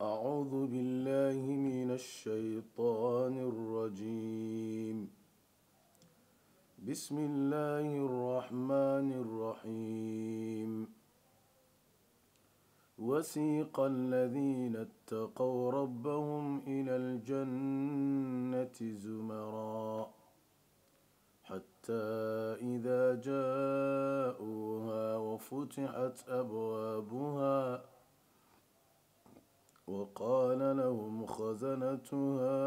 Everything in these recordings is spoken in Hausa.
أعوذ بالله من الشيطان الرجيم بسم الله الرحمن الرحيم وسيق الذين اتقوا ربهم إلى الجنة زمرا حتى إذا جاءوها وفتحت أبوابها وقال لهم خزنتها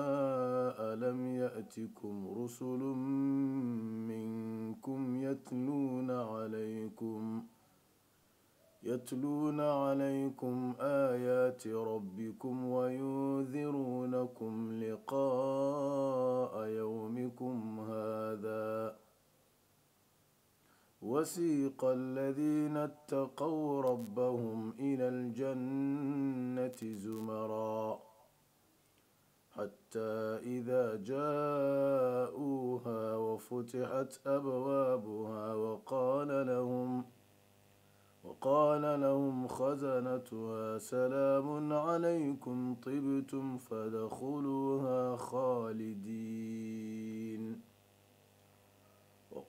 ألم يأتكم رسل منكم يتلون عليكم يتلون عليكم آيات ربكم وينذرونكم لقاء يومكم هذا ۖ وسيق الذين اتقوا ربهم إلى الجنة زمرا حتى إذا جاءوها وفتحت أبوابها وقال لهم وقال لهم خزنتها سلام عليكم طبتم فادخلوها خالدين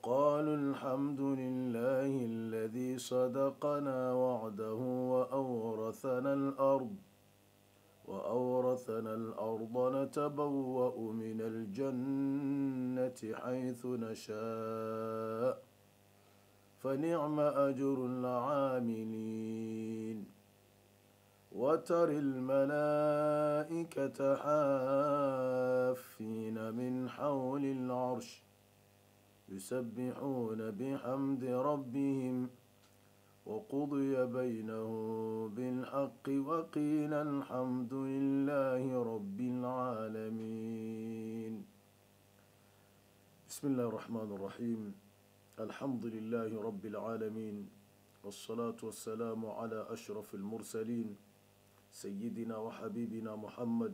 وقالوا الحمد لله الذي صدقنا وعده وأورثنا الأرض وأورثنا الأرض نتبوأ من الجنة حيث نشاء فنعم أجر العاملين وتر الملائكة حافين من حول العرش يسبحون بحمد ربهم وقضي بينهم بالحق وقيل الحمد لله رب العالمين بسم الله الرحمن الرحيم الحمد لله رب العالمين والصلاة والسلام على أشرف المرسلين سيدنا وحبيبنا محمد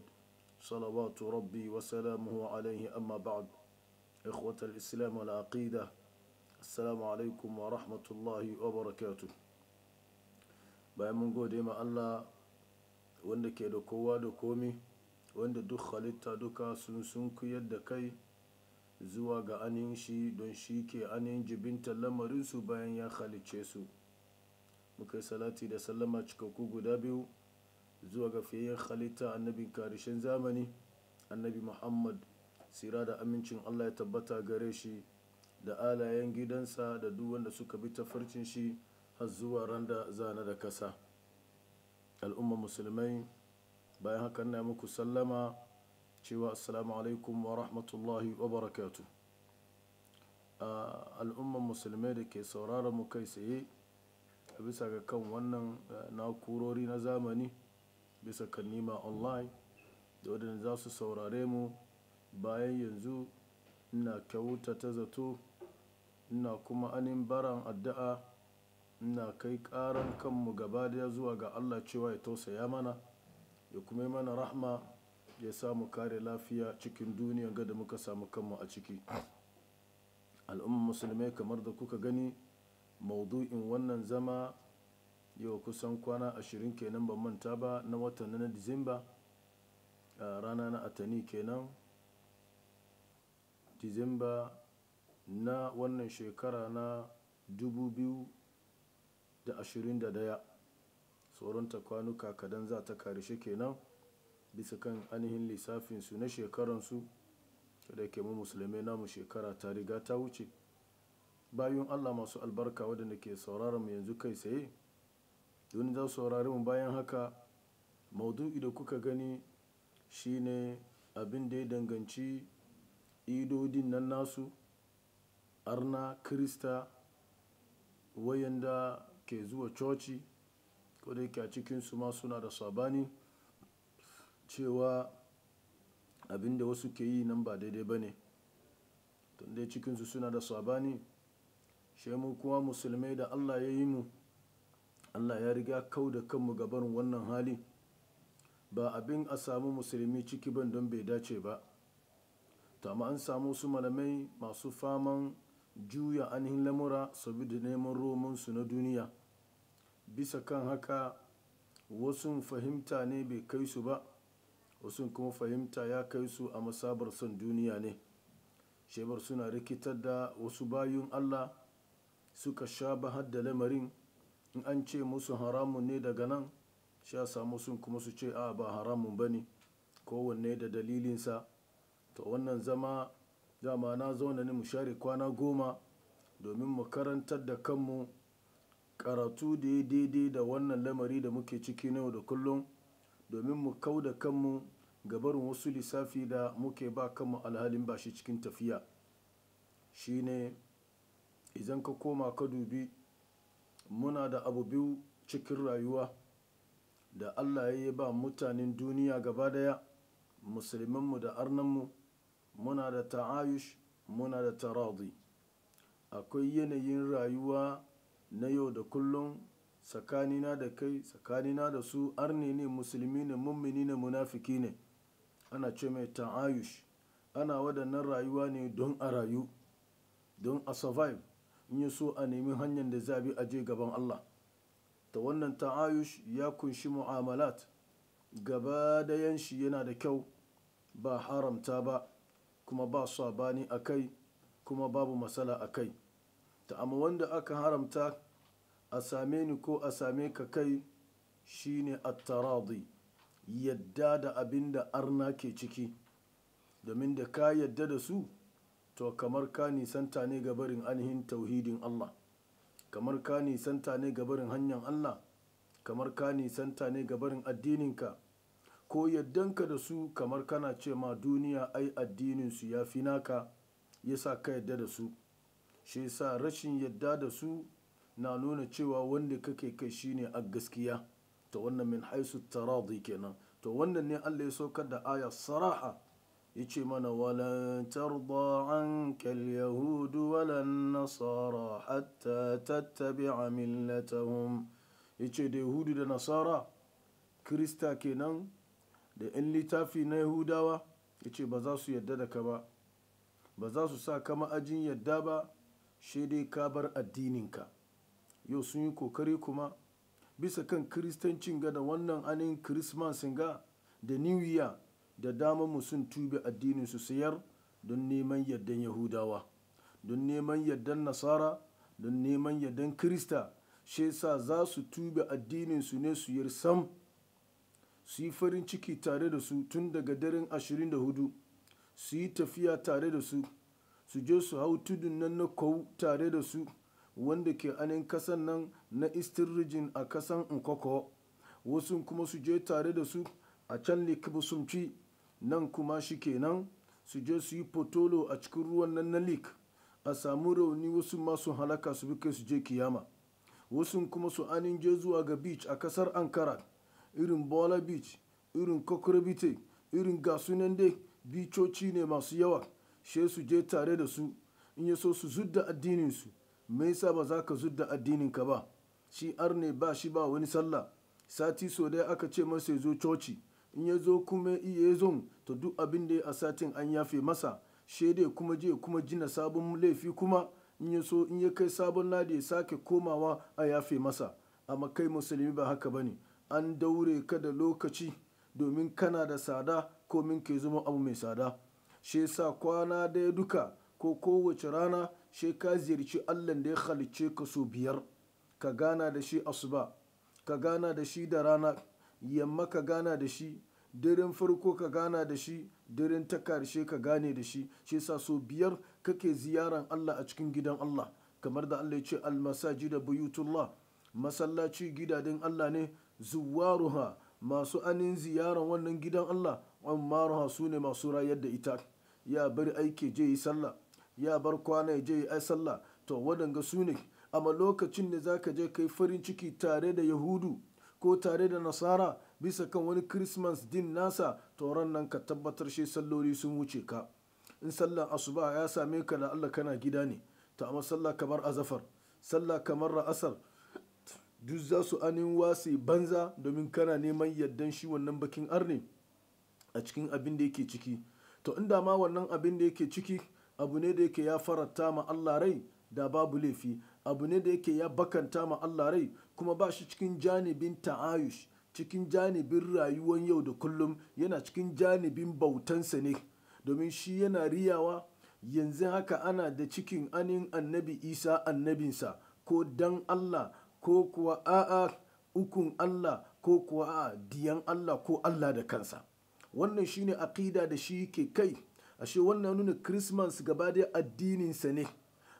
صلوات ربي وسلامه عليه أما بعد إخوة الإسلام والعقيدة السلام عليكم ورحمة wa وبركاته bayan mun gode ma Allah wanda ke da kowa da komi wanda duk halitta duka sun sun kuyar da kai zuwa ga anin shi don shi ke anin jibinta lamarinsu bayan ya halicce su muka yi salati da sallama cikakku guda biyu zuwa ga fiyayyen halitta annabi karishen zamani annabi muhammad sira da amincin allah ya tabbata gare shi da alayen gidansa da duk wanda suka bi tafarcin shi har zuwa randa zana da kasa al'umma musulmai bayan haka na muku sallama cewa assalamu alaikum wa rahmatullahi wa barakatu al'ummar musulmai da ke sauraron mu kai tsaye bisa ga kan wannan eh, na'urori na zamani bisa kan nima online da wadanda za su saurare mu bayan yanzu ina kyauta ta zato ina kuma anin baran addu'a ina kai karan kanmu gaba daya zuwa ga Allah cewa ya tausaya mana ya kuma yi mana rahma ya samu kare lafiya cikin duniya ga da muka samu kanmu a ciki al'ummar musulmai kamar da kuka gani maudu'in wannan zama yau kusan kwana ashirin kenan ban manta ba na watan na disamba rana na atani kenan Disamba na wannan shekara na da 2021. Tsoronta kwanuka kadan za ta ƙarshe kenan bisa kan ainihin lissafinsu na shekaransu da ke mu musulmai namu shekara ta riga ta wuce. bayan Allah masu albarka wadanda ke sauraron mu yanzu kai tsaye. Don za su saurari mu bayan haka, maudu'i da kuka gani shine abin da ya danganci idodin nan nasu arna krista wayanda ke zuwa coci ko da yake a cikinsu ma suna da sabani cewa abinda wasu ke yi nan ba daidai ba ne tunda cikinsu suna da sabani shi mu kuma musulmai da allah ya yi mu allah ya riga kau da kanmu gabar wannan hali ba abin a samu musulmi ciki ban don bai dace ba kama an samu su malamai masu faman juya ainihin lamura saboda neman romansu na duniya bisa kan haka wasu fahimta ne bai kai su ba wasu kuma fahimta ya kai su a masabar son duniya ne shebar suna rikitar da wasu bayun allah suka sha bahar da lamarin in an ce musu haramun ne daga nan sha samu sun kuma su ce a ba haramun ba ne kowanne da dalilinsa to wannan zama dama na zauna ne mu share kwana goma domin mu karantar da kanmu karatu da ya daidai da wannan lamari da muke ciki na yau da kullum domin mu kau da kanmu gabarin wasu lissafi da muke ba kanmu alhalin ba shi cikin tafiya shine idan ka koma ka dubi muna da abu biyu cikin rayuwa da allah ya ba mutanen duniya gaba daya musulmanmu da arnanmu muna da ta'ayush muna da taradi akwai yanayin rayuwa na yau da kullum tsakanina da kai tsakanina da su arne ne musulmi ne mummini ne munafiki ne ana ce mai ta'ayush ana waɗannan rayuwa ne don a rayu don a survive in yi so a nemi hanyar da zabi a je gaban Allah ta wannan ta'ayush ya kunshi mu'amalat gaba da shi yana da kyau ba haramta ba kuma ba sabani a kai kuma babu matsala a kai ta amma wanda aka haramta a same ni ko a same ka kai shine attaradi yadda da abinda arna ke ciki domin da ka yadda da su to kamar ka nisanta ne ga barin ainihin tauhidin Allah kamar ka nisanta ne ga hanyar Allah kamar ka nisanta ne ga barin addininka ko yaddanka da su kamar kana ce ma duniya ai addininsu ya fi naka yasa ka yadda da su shi sa rashin yadda da su na nuna cewa wanda kake kai shine a gaskiya ta wannan min haisu taradi kenan to wannan ne Allah ya saukar da aya saraha ce mana walan tarda anka yahudu walan nasara hatta tattabi'a millatahum ce da yahudu da nasara krista kenan da 'yan littafi na yahudawa ya ce ba za su yarda da ka ba ba za su sa ka ma'ajin yadda ba shi dai ka bar addininka yau sun yi kokari kuma bisa kan kiristancin ga da wannan anin kirismasin ga da new year da dama mu sun addinin su sayar don neman yardan yahudawa don neman yardan nasara don neman yardan kirista shi sa za su tube addininsu ne su yar sam su yi farin ciki tare da su tun daga daren 24 su yi tafiya tare da su su je su hau tudun nan na kawu tare da su wanda ke anin kasan nan na eastern region a kasan nkoko wasu kuma su je tare da su a can likibusumci nan kuma shi nan su je su yi potolo a cikin ruwan nan na lik a samu rauni wasu masu halaka su bi kai su je kiyama wasu kuma su anin je zuwa ga beach a kasar ankara irin bola beach irin kokorobite irin gasunan dai bicoci ne masu yawa she su je tare da su in ya so su zudda addininsu me yasa ba za ka zudda addininka ba shi ar ne ba shi ba wani sallah sati so dai aka ce masa ya zo coci in ya zo kuma iya zon ta duk abin da ya a satin an yafe masa dai kuma je kuma jina sabon laifi kuma in ya so in ya kai sabon ladi ya sake komawa a yafe masa amma kai musulmi ba haka ba ne. an daure ka da lokaci domin kana da tsada ko min ke zama abu mai tsada shi sa kwana daya duka ko kowace rana shi ka ziyarci allah da ya halicce ka so biyar ka gana da shi asuba ka gana da shi da rana yamma ka gana da shi daren farko ka gana da shi daren ta karshe ka gane da shi shi sa so biyar kake ziyaran allah a cikin gidan allah kamar da allah ya ce almasaji da buyutullah masallaci gidajen allah ne zuwaruha masu anin ziyaran wannan gidan Allah maruha su ne masu rayar da ita ya bari aiki je yi sallah ya bar kwana je yi ai sallah to wadanga su ne amma lokacin da ka je kai farin ciki tare da yahudu ko tare da nasara bisa kan wani christmas din nasa to ran nan ka tabbatar shi salloli sun wuce ka in sallah asuba ya same ka da Allah kana gida ne ta amma sallah kamar azafar sallah kamar ra'asar duk za su anin wase banza domin kana neman yardan shi wannan bakin arne a cikin abin da yake ciki to inda ma wannan abin da yake ciki abu ne da yake ya faranta ma Allah rai da babu laifi abu ne da yake ya bakanta ma Allah rai kuma ba shi cikin janibin ta'ayush cikin janibin rayuwan yau da kullum yana cikin janibin bautansa ne domin shi yana riyawa yanzu haka ana da cikin anin annabi isa annabinsa ko dan Allah ko kuwa a'a ukun Allah ko kuwa a'a diyan Allah ko Allah da kansa wannan shine aqida da shi ke kai ashe wannan nuna christmas gaba da addininsa ne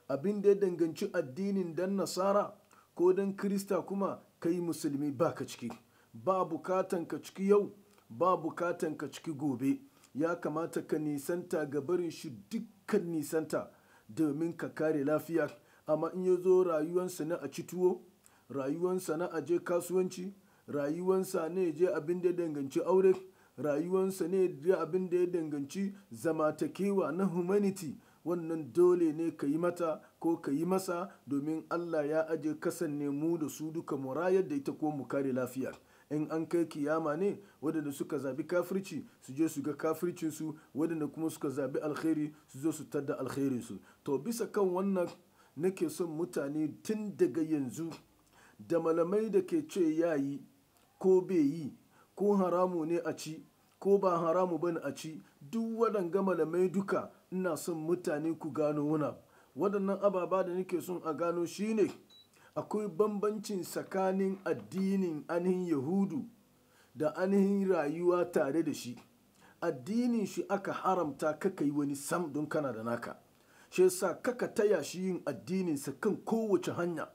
abin da ya danganci addinin dan nasara ko don krista kuma kai musulmi baka ciki ba bukatan ka ciki yau ba bukatan ka ciki gobe ya kamata ka nisanta ga barin shi dukkan nisanta domin ka kare lafiya amma in ya zo rayuwansa na a ci tuwo rayuwansa na aje kasuwanci rayuwansa ne je abin da ya danganci aure rayuwansa ne je abin da ya danganci zamantakewa na humanity wannan dole ne ka yi mata ko ka yi masa domin Allah ya aje kasanne mu da su duka mu da ita ko mu kare lafiya in an kai kiyama ne waɗanda suka zabi kafirci su je su ga kafircinsu wadanda kuma suka zabi alkhairi su zo su tadda alherinsu to bisa kan wannan nake son mutane tun daga yanzu da malamai da ke ce ya yi ko bai yi ko haramu ne a ci ko ba haramu ba a ci duk waɗanga malamai duka ina son mutane ku gano wuna waɗannan ababa da nake son a gano shine akwai bambancin tsakanin addinin ainihin yahudu da ainihin rayuwa tare da shi addinin shi aka haramta kaka yi wani sam don kana da naka shi yasa kaka taya shi yin addininsa kan kowace hanya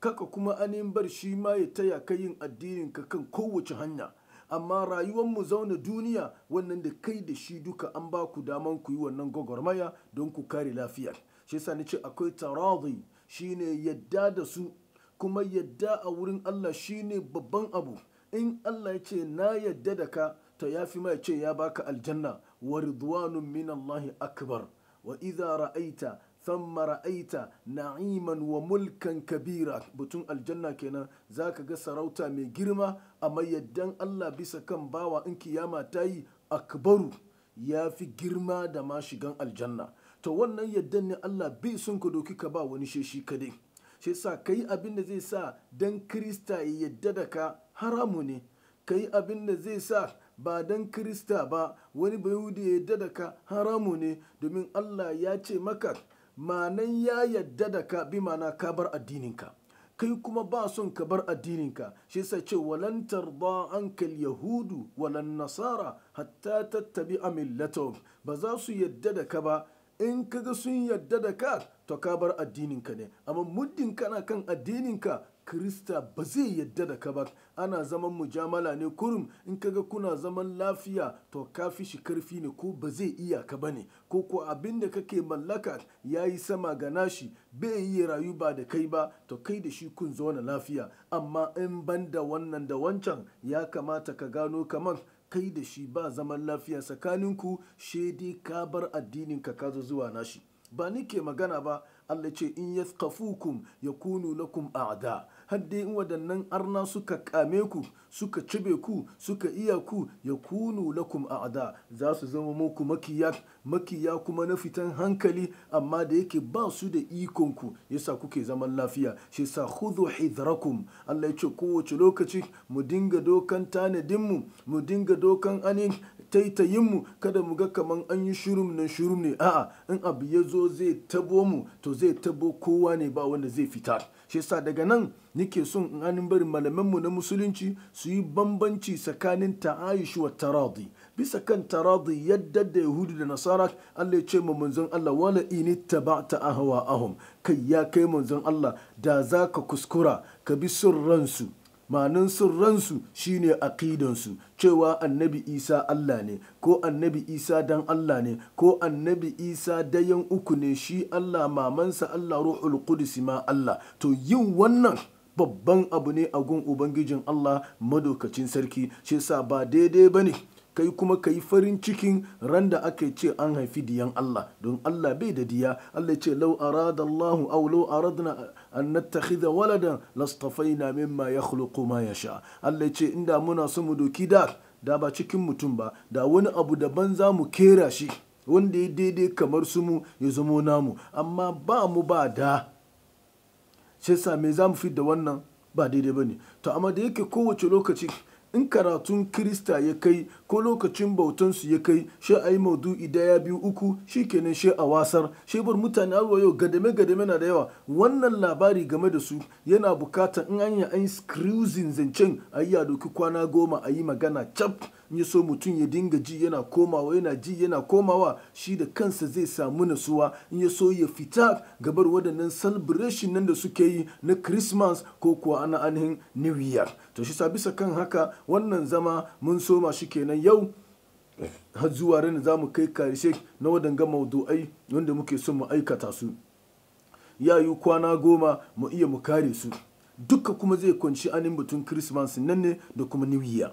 kaka kuma anin bar shi ma ya taya ka yin addininka kan kowace hanya amma rayuwar mu zauna duniya wannan da kai da shi duka an ba ku daman ku yi wannan gwagwarmaya don ku kare lafiya shi yasa nace akwai taradi shine yadda da su kuma yadda a wurin Allah shine babban abu in Allah ya ce na yadda da ka ta ya fi mai ce ya baka aljanna wa ridwanun min Allah akbar wa idza ra'aita thumma ra'aita na'iman wa mulkan kabira butun aljanna kenan zaka ga sarauta mai girma amma yaddan Allah bisa kan bawa in kiyama ta yi akbaru ya fi girma da ma shigan aljanna to wannan yaddan ne Allah bi sun ka doki ka ba wani sheshi kadai shi yasa kai abin da zai sa dan krista ya yadda da ka haramu ne kai abin da zai sa ba dan krista ba wani da ya yadda da ka haramu ne domin Allah ya ce maka manan ya yadda da ka bi mana ka bar addininka kai kuma ba son ka bar addininka shi yasa ce walan tarda ankal yahudu walan nasara hatta tattabi millatahum ba za su yadda da ka ba in kaga sun yadda da ka to ka bar addininka ne amma muddin kana kan addininka Krista ba zai yadda da ka ba ana zaman mujamala ne kurum in kaga kuna zaman lafiya to ka fi shi karfi ne ko ba zai iya ka ba ne ko ko abin da kake mallaka ya yi sama ga nashi bai yi rayu ba da kai ba to kai da shi kun zauna lafiya amma in ban da wannan da wancan ya kamata ka gano kamar kai da shi ba zaman lafiya tsakaninku shedi ka bar addinin ka ka zo zuwa nashi ba ni ke magana ba Allah ce in yaskafukum kunu lakum a'da har dai in waɗannan arna suka kame ku suka cibe ku suka iya ku ya kunu lakum a'da za su zama muku makiya makiya kuma na fitan hankali amma da yake ba su da ikon ku yasa kuke zaman lafiya shi sa khudhu hidrakum Allah ya ce kowace lokaci mu dinga dokan tanadin mu mu dinga dokan anin taitayinmu kada mu ga kaman an yi shurum nan shurum ne a'a in abu ya zo zai tabo mu to zai tabo kowa ne ba wanda zai fita shi yasa daga nan nake son in an bari mu na musulunci su yi bambanci tsakanin ta'ayush wa taradi bisa kan taradi yadda da yahudu da nasara Allah ya ce ma manzon Allah wala ini taba'ta ahwa ahum kai ya kai manzon Allah da zaka kuskura ka bi son ransu manin sirransu shine su cewa annabi isa allah ne ko annabi isa dan allah ne ko annabi isa dayan uku ne shi allah mamansa allah ruhul kudusi ma allah to yin wannan babban abu ne a gun ubangijin allah madaukacin sarki shi sa ba daidai ba ne. kai kuma ka yi farin cikin randa da aka ce an haifi diyan Allah don Allah bai da diya Allah ce lau arada Allah aw lau aradna an nattakhidha waladan lastafaina mimma yakhluqu ma yasha Allah ce inda muna so mu doki da da ba cikin mutum ba da wani abu daban za mu kera shi wanda ya daidai kamar su mu ya zamo namu amma ba mu ba da sai sa me za mu fi da wannan ba daidai ba ne to amma da yake kowace lokaci in karatun kirista ya kai ko lokacin bautansu ya kai shi a yi maudu'i ya biyu uku shi kenan shi a wasar shi bar mutane abubuwa yau gadame gadame na da yawa wannan labari game da su yana bukata in an yi an zancen a yi yadoki kwana goma a yi magana cap in ya so mutum ya dinga ji yana komawa yana ji yana komawa shi da kansa zai samu nasuwa in ya so ya fita gabar waɗannan celebration nan da suke yi na christmas ko kuwa ana ainihin new year to shi sa bisa kan haka wannan zama mun soma shi kenan yau har zuwa rana za mu kai karshe na waɗanga maudu'ai wanda muke son mu aikata su ya yi kwana goma mu iya mu kare su duka kuma zai kwanci anin batun christmas nan ne da kuma new year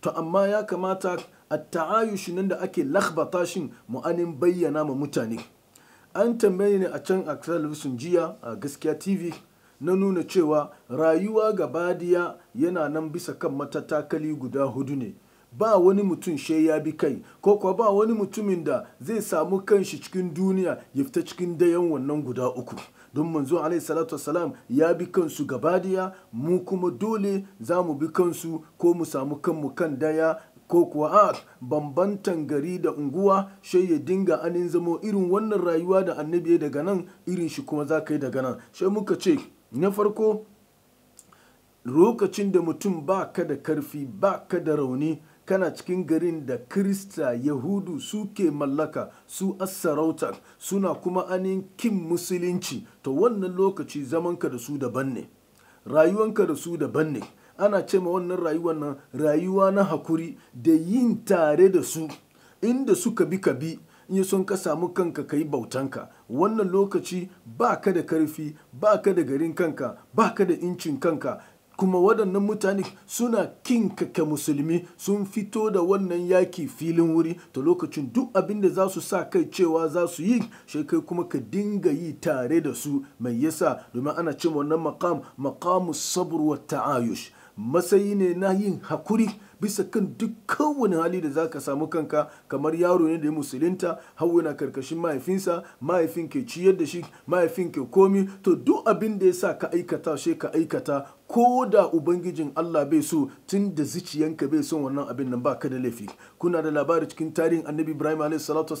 to amma ya kamata a ta'ayushi nan da ake lakbata shin mu'anin bayyana ma mutane an tambaye ne a can a talabijin jiya a gaskiya tv na nuna cewa rayuwa gabadiya yana nan bisa kan matatakali guda hudu ne ba wani mutum she ya bi kai ko kuwa ba wani mutumin da zai samu kanshi cikin duniya ya fita cikin dayan wannan guda uku don manzo alaihi salatu wasalam ya bi kansu gabadiya mu kuma dole za mu bi kansu ko mu samu kanmu kan daya ko kuwa a bambantan gari da unguwa shai ya dinga anin zamo irin wannan rayuwa da annabi daga nan irin shi kuma za ka yi daga nan shai muka ce na farko lokacin da mutum ba ka da karfi ba ka da rauni kana cikin garin da krista yahudu suke mallaka su asarauta suna kuma anin kin musulunci to wannan lokaci zamanka da su daban ne rayuwanka da su daban ne ana ce ma wannan rayuwar nan rayuwa na hakuri da yin tare da su inda suka bi ka bi in sun ka samu kanka ka yi bautanka wannan lokaci ba ka da karfi ba ka da garin kanka ba ka da incin kanka kuma waɗannan mutane suna kin musulmi sun fito da wannan yaki filin wuri ta lokacin duk abin da za su sa kai cewa za su yi shi kuma ka dinga yi tare da su mai yasa domin ana cin wannan makam makamu sabr wa ta'ayush matsayi ne na yin hakuri bisa kan duk kowane hali da za ka samu kanka kamar yaro ne da ya musulunta hau yana karkashin mahaifinsa mahaifin ke ciyar da shi mahaifin ke komi to duk abin da ya sa ka aikata shi ka aikata ko da ubangijin Allah bai so tun da zuciyanka bai son wannan abin nan ba ka da laifi kuna da labari cikin tarihin annabi ibrahim alayhi salatu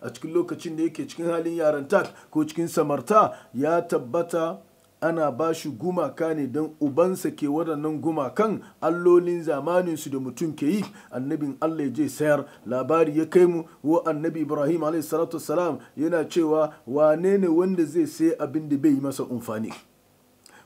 a cikin lokacin da yake cikin halin yaran tak ko cikin samarta ya tabbata ana ba shi gumaka ne don ubansa ke waɗannan gumakan allolin zamaninsu da mutum ke yi annabin allah ya je sayar labari ya kai mu wa annabi ibrahim salam yana cewa wane ne wanda zai sai abin da bai yi masa umfani.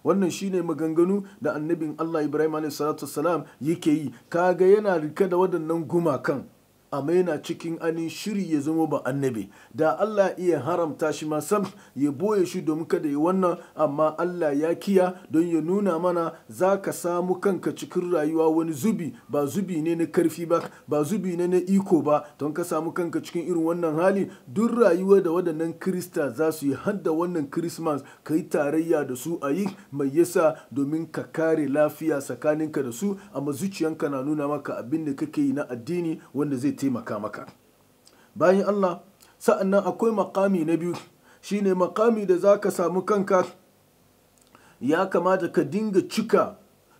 wannan shine maganganu da annabin allah ibrahim salam yake yi kaga yana rike da waɗannan gumakan amma yana cikin anin shiri ya zama ba annabi da Allah iya haramta shi ma sam ya boye shi domin kada yi wannan amma Allah ya kiya don ya nuna mana za ka samu kanka cikin rayuwa wani zubi ba zubi ne na karfi ba ba zubi ne na iko ba don ka samu kanka cikin irin wannan hali duk rayuwa da waɗannan krista za su yi hadda wannan christmas ka yi tarayya da su a yi mai yasa domin ka kare lafiya tsakaninka da su amma zuciyanka na nuna maka abin da kake yi na addini wanda zai taimaka maka bayan Allah sa'annan akwai makami na biyu shine makami da za ka samu kanka ya kamata ka dinga cika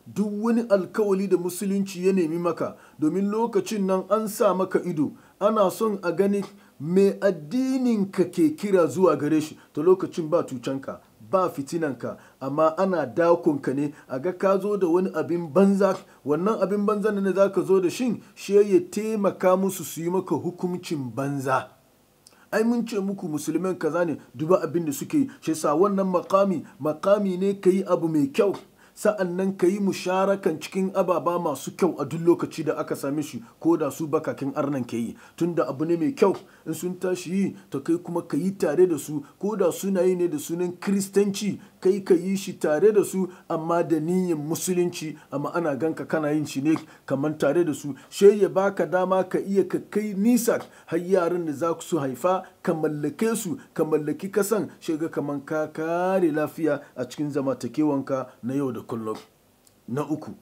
duk wani alkawali da musulunci ya nemi maka domin lokacin nan an sa maka ido ana son a gani mai addininka ke kira zuwa gare shi ta lokacin ba tucanka ba fitinanka amma ana ka ne a ga ka zo da wani abin banza wannan abin banza ne za ka zo da shin shi ya taimaka musu su yi maka hukuncin banza ai mun ce muku musulmin kaza ne duba abin da suke yi shi sa wannan makami makami ne ka yi abu mai kyau sa'annan ka yi musharakan cikin ababa masu kyau a duk lokaci da aka same shi ko da su bakakin arnan ke yi tunda abu ne mai kyau in sun tashi yi ta kai kuma ka yi tare da su ko da suna yi ne da sunan kiristanci kai ka yi shi tare da su amma da niyyar musulunci amma ana ganka kana yin shi ne kamar tare da su she ya baka dama ka iya ka kai nisa har yaran da za su haifa ka mallake su ka mallaki kasan shiga kamar ka kare lafiya a cikin zamantakewanka na yau da kullum na uku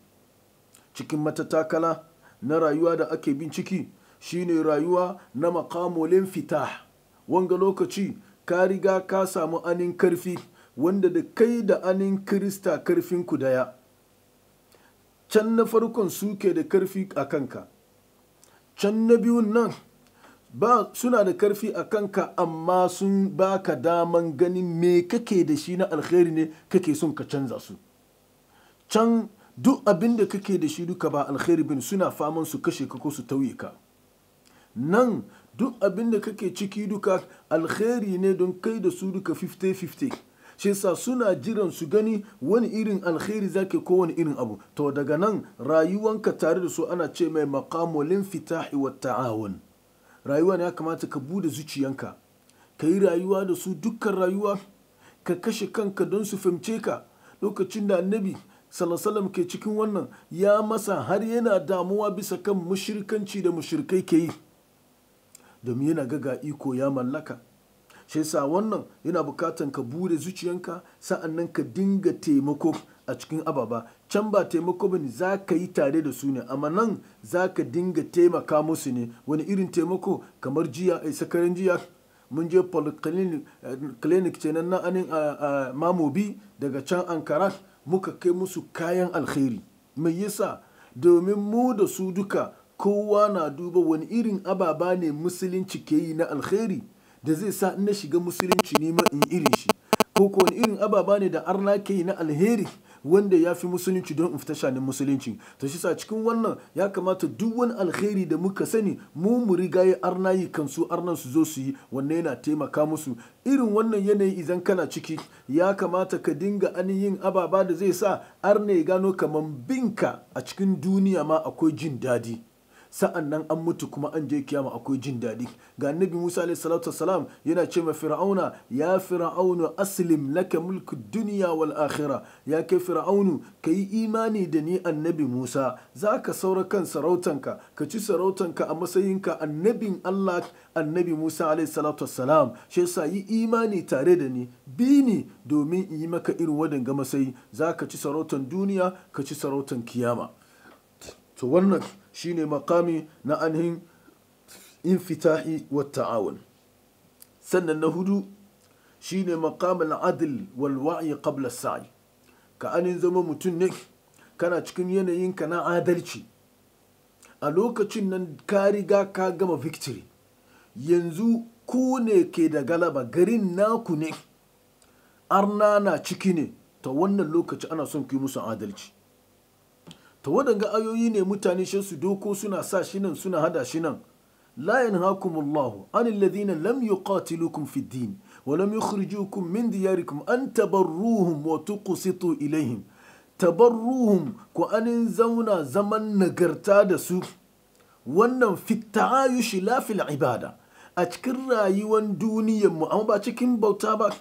cikin matatakala na rayuwa da ake bin ciki shine rayuwa na makamolin fita wanga lokaci ka riga ka samu anin karfi wanda da kai da anin Kirista ku daya, can na farkon suke da karfi a kanka, can na biyun nan ba suna da karfi a kanka amma sun baka daman ganin me kake da shi na alkhairi ne kake son ka canza su. Can duk abin da kake da shi duka ba alkhairi bin suna faman su kashe ka ko su tauye ka. Nan duk abin da kake ciki duka alkhairi ne don kai da su duka 50-50 shi sa suna jiran su gani wani irin alkhairi zake ko wani irin abu to daga nan rayuwanka tare da su ana ce mai makamolin fitahi wa ta'awun rayuwa ne ya kamata ka bude zuciyanka ka yi rayuwa da su dukkan rayuwa ka kashe kanka don su fahimce ka lokacin da annabi salasalam ke cikin wannan ya masa har yana damuwa bisa kan mushirkanci da mushirkai ke yi domin yana gaga iko ya mallaka shi yasa wannan yana bukatan ka bude zuciyanka nan ka dinga taimako a cikin ababa can ba taimako ba ne za ka yi tare da su ne amma nan za ka dinga taimaka musu ne wani irin taimako kamar jiya a eh, sakarin jiya mun je polyclinic eh, nan ah, ah, mamobi daga can ankara muka kai musu kayan alkhairi mai yasa domin mu da su duka kowa na duba wani irin ababa ne musulunci ke yi na alkhairi da zai sa in na shiga musulunci ne ma in irin shi ko ko wani irin ababa ne da arna ke na alheri wanda ya fi musulunci don in fita shanin musulunci to shi sa cikin wannan ya kamata duk wani alheri da muka sani mu mu riga ya arna yi kansu arnan su zo su yi wanne yana taimaka musu irin wannan yanayi idan kana ciki ya kamata ka dinga yin ababa da zai sa arna ya gano kamar binka a cikin duniya ma akwai jin daɗi sa'an nan an mutu kuma an je kiyama akwai jin daɗi ga annabi musa alaihi salatu wasalam yana ce ma fir'auna ya fir'aunu aslim laka mulku duniya wal akhira ya kai fir'aunu ka yi imani da ni annabi musa za ka saura kan sarautanka ka ci sarautanka a matsayinka annabin allah annabi musa alaihi salatu wasalam shi yasa yi imani tare da ni bi ni domin in yi maka irin wadanga matsayi za ka ci sarautan duniya ka ci sarautan kiyama to wannan shine makami na ainihin infitahi wa ta'awun sannan na hudu shine makamin adil wal wa'i qabla sa'i ka anin zama mutum ne kana cikin yanayin ka na adalci a lokacin nan ka riga ka gama victory yanzu ku ne ke da galaba garin naku ne arna na ciki ne ta wannan lokaci ana son ku musu adalci ta waɗanga ayoyi ne mutane shi su doko suna sa shi nan suna hada shi nan la yanhakumullahu anil ladina lam yuqatilukum fid din wa lam yukhrijukum min diyarikum an tabarruhum wa tuqsitu ilaihim tabarruhum ku anin zauna zaman nagarta da su wannan fitayushi la fil ibada a cikin rayuwar duniyar mu amma ba cikin bauta ba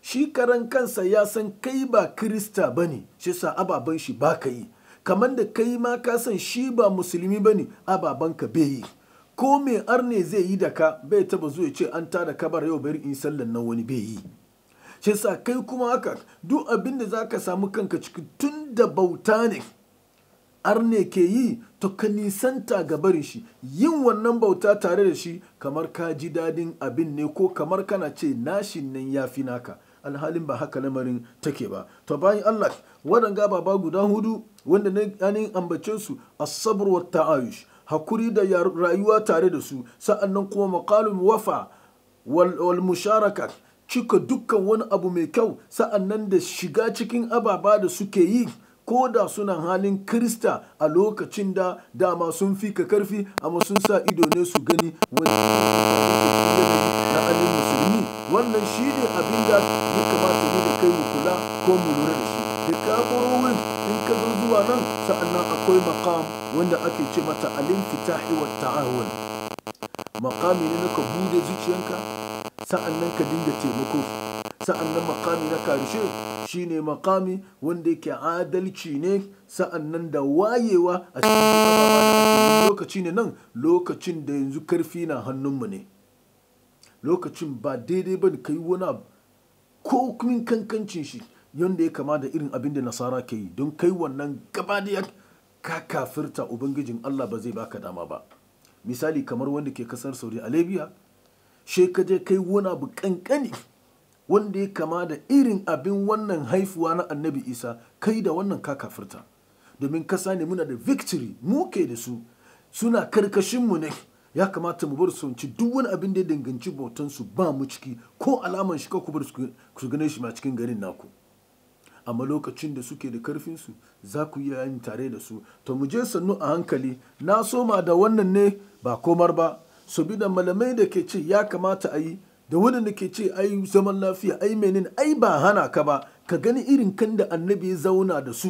shi karan kansa ya san kai ba kirista bane shi sa ababen shi ba ka yi kamar da kai ma ka san shi ba musulmi bane a babanka bai yi ko me arne zai yi da ka bai taba zuwa ce an tara kabar yau bari in sallan na wani bai yi shi sa kai kuma haka duk abin da za ka samu kanka ciki tun da bauta ne arne ke yi to ka nisanta ga barin shi yin wannan bauta tare da shi kamar ka ji dadin abin ne ko kamar kana ce nashin nan ya fi naka alhalin ba haka lamarin take ba to bayan Allah waɗanga baba guda hudu wanda na anin ambace su as-sabr wa ta'ayush hakuri da rayuwa tare da su sa'annan kuma maqalul wafa wal musharaka cika dukkan wani abu mai kyau sa'annan da shiga cikin ababa da suke yi ko da suna halin krista a lokacin da dama sun fi ka karfi amma sun sa ido ne su gani wani na musulmi wannan shi ne abin da ko mu lura da shi da wurin in ka zo zuwa nan sa'annan akwai maqam wanda ake ce mata alin fitahi wa ta'awun maqami ne na ka bude zuciyanka sa'annan ka dinga taimako sa'annan maqami na karshe shine maqami wanda yake adalci ne sa'annan da wayewa a cikin lokaci ne nan lokacin da yanzu karfi na hannunmu ne lokacin ba daidai ba ka yi wani ko min kankancin shi yadda ya kama da irin abin da nasara ke yi don kai wannan gabadiyar ka kafirta ubangijin allah ba zai baka dama ba misali kamar wanda ke kasar saudi alabia she ka je kai wani abu kankani wanda ya kama da irin abin wannan haifuwa na annabi isa kai da wannan ka kafirta domin kasa ne muna da victory mu ke da su suna karkashinmu ne ya kamata mu bar su duk wani abin da ya danganci bautansu ba mu ciki ko alaman shi ka ku bar su gane shi ma cikin garin naku amma lokacin da suke da karfinsu za ku iya yin tare da su to mu je sannu a hankali na soma da wannan ne ba komar ba sabida malamai da ke ce ya kamata a yi da da ke ce ai zaman lafiya ai menin ai ba hana ka ba ka gani irin kan da annabi ya zauna da su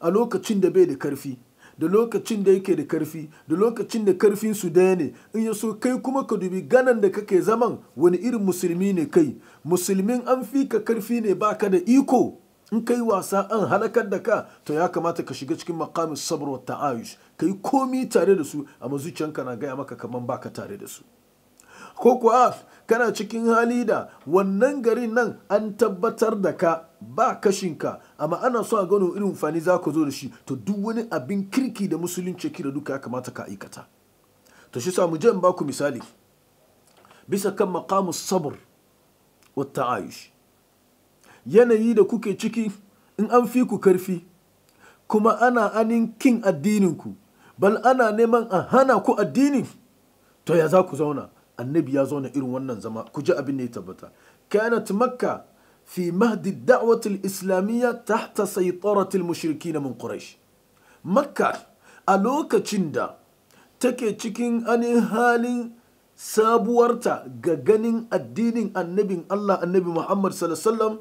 a lokacin da bai da karfi da lokacin da yake da karfi da lokacin da karfin su daya ne in ya so kai kuma ka dubi ganan da kake zaman wani irin musulmi ne kai musulmin an fi ka karfi ne baka da iko in kai wasa an halakar da ka to ya kamata ka shiga cikin makamin sabr wa ta'ayush yi komi tare da su amma zuciyanka na gaya maka kaman baka tare da su ko kuwa kana cikin hali da wannan garin nan an tabbatar da ka ba kashinka amma ana so a gano irin fani za ka zo da shi to duk wani abin kirki da musulunci kira duka ya kamata ka aikata to shi samu jan baku misali bisa kan maqamus sabar wa ta'ayush yanayi da kuke ciki in an fi ku karfi kuma ana anin kin addininku bal ana neman a hana ku addini to ya za ku zauna annabi ya zauna irin wannan zama ku ji abin da ya tabbata kanat makka fi mahdi da'wati al-islamiyya tahta saytarati al-mushrikin min quraish makka a lokacin da take cikin anin halin sabuwarta ga ganin addinin annabin Allah annabi Muhammad sallallahu alaihi wasallam